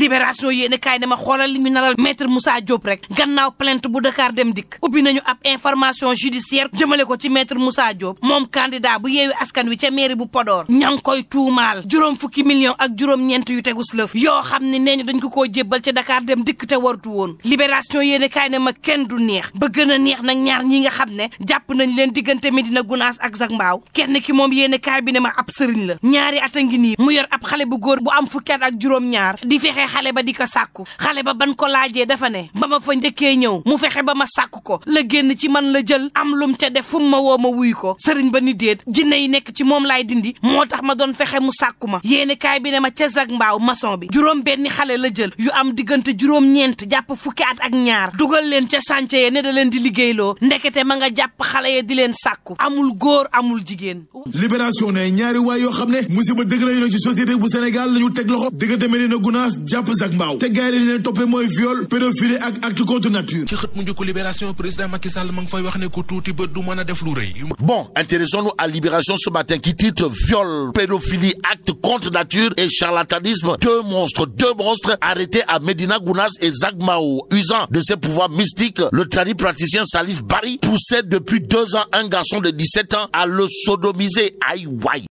libération yéen kaay dama xoolal li ñu naral maître Moussa Diop rek gannaaw plainte bu Dakar dem dikk ubbi nañu ab information judiciaire jëmale ko ci maître Moussa Diop moom candidat bu yeewi askan wi ca mairie bu Podor ña ngi koy tuumaal juróom fukki million ak juróom-ñeent yu tegus lëf yoo xam ne nee ñu dañ ko koo jébbal ca Dakar dem dikk te wartu woon libération yéen kaay ne ma kenn du neex ba gën a neex nag ñaar ñi nga xam ne jàpp nañ leen diggante Medina Gunaas ak Zac Mbao kenn ki moom yéen kaay bi ne ma ab sëriñ la ñaari at a ngi nii mu yor ab xale bu góor bu am fukki at ak juróom-ñaar xale ba di ko sàkku xale ba ban ko laajee dafa ne ba ma fa njëkkee ñëw mu fexe ba ma sàkku ko la génn ci man la jël am lum ca def fu mu ma woo ma wuy ko sëriñ ba ni déet jinne yi nekk ci moom laay dindi moo tax ma doon fexe mu sàkku ma yéene kaay bi ne ma ca zag mbaaw maçon bi juróom benni xale la jël yu am diggante juróom-ñeent jàpp fukki at ak ñaar dugal leen ca chantier ya ne da leen di liggéeyloo ndekete ma nga jàpp xale ya di leen sàkku amul góor amul jigéen libération ne ñaari waay yoo xam ne musiba dëgg la ñu ci société bu Sénégal la ñu teg loxo diggante Medina Gounass bon intéressons-nous à libération ce matin qui titre viol pédophilie acte contre nature et charlatanisme deux monstres deux monstres arrêtés à Medina Gounas et Zagmao. usant de ses pouvoirs mystiques le tarif praticien Salif Bari poussait depuis deux ans un garçon de 17 ans à le sodomiser aïe waay